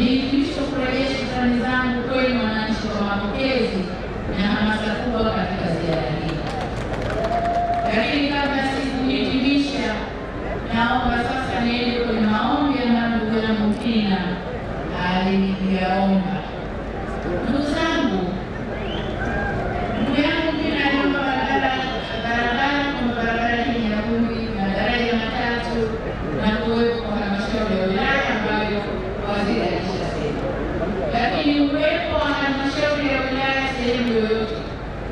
Ili Kristo kurejesha shukrani zangu kwenu wananchi kwa mapokezi na hamasa kubwa katika ziara hii. Lakini kabla sikuhitimisha, naomba sasa niende kwenye maombi ambayo ndugu yangu Tina aliniyaomba. Ndugu zangu, ndugu yangu sehemu yoyote,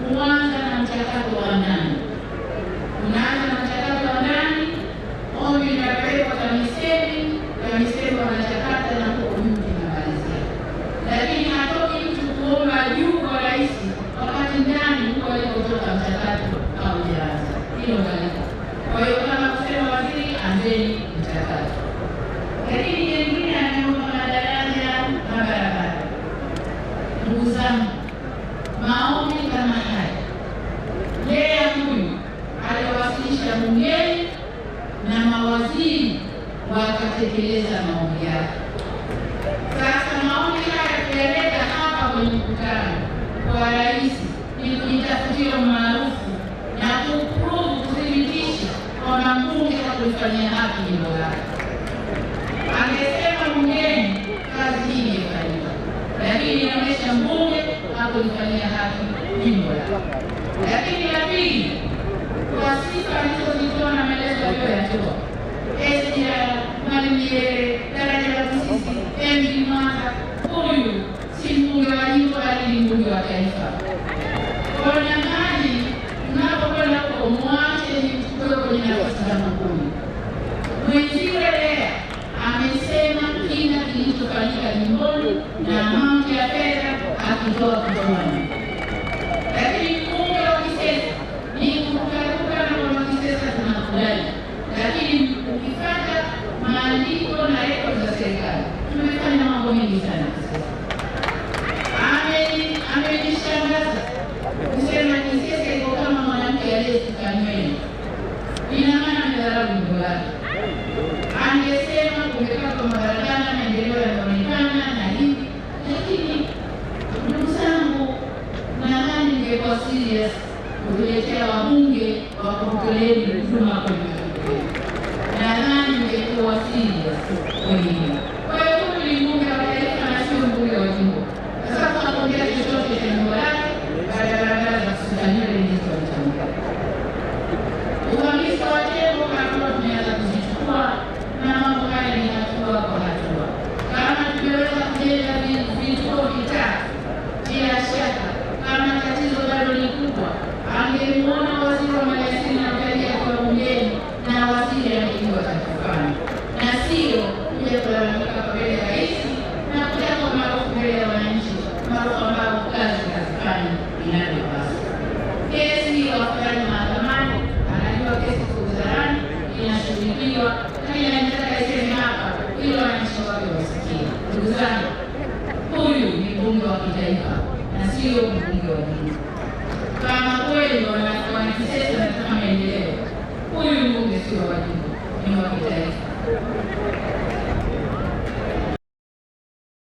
huanza na mchakato wa ndani. Unaanza na mchakato wa ndani, ombi linapelekwa TAMISEMI, TAMISEMI wanachakata na huko juu tunamalizia. Lakini hatoki mtu kuomba juu kwa rais wakati ndani huko alikotoka mchakato haujaanza. Hilo halika. Kwa hiyo kama kusema waziri, anzeni mchakato, lakini kutekeleza maombi yako. Sasa maombi haya tueleza hapa kwenye mkutano kwa rais, ni kujitafutia umaarufu na kuprove, kuthibitisha kwamba mbunge hakulifanyia haki jimbo lake. Angesema bungeni kazi hii imefanyika, lakini inaonyesha mbunge hakulifanyia haki jimbo lake. Lakini la pili huyu si mbunge wa jimbo bali ni mbunge wa taifa. Wanyang'anyi, mnapokwenda huko mwache nimchukue kwenye nafasi za makumi. Mwenziwe Lea amesema kina kilichofanyika jimboni na mambo ya fedha akitoa kichwani, lakini nyingi sana. Amenishangaza kusema Kisese kama mwanamke aliyesuka nywele, ina maana amedharau mtu wake. Angesema kumekakwa mabarabara, maendeleo yanaonekana na hivi, lakini ndugu zangu, nadhani ningekuwa serious kutuletea wabunge wa kutoleeni huduma kwa mbunge wa kitaifa na sio mbunge wa jimbo. Kama kweli wanakisesa na kama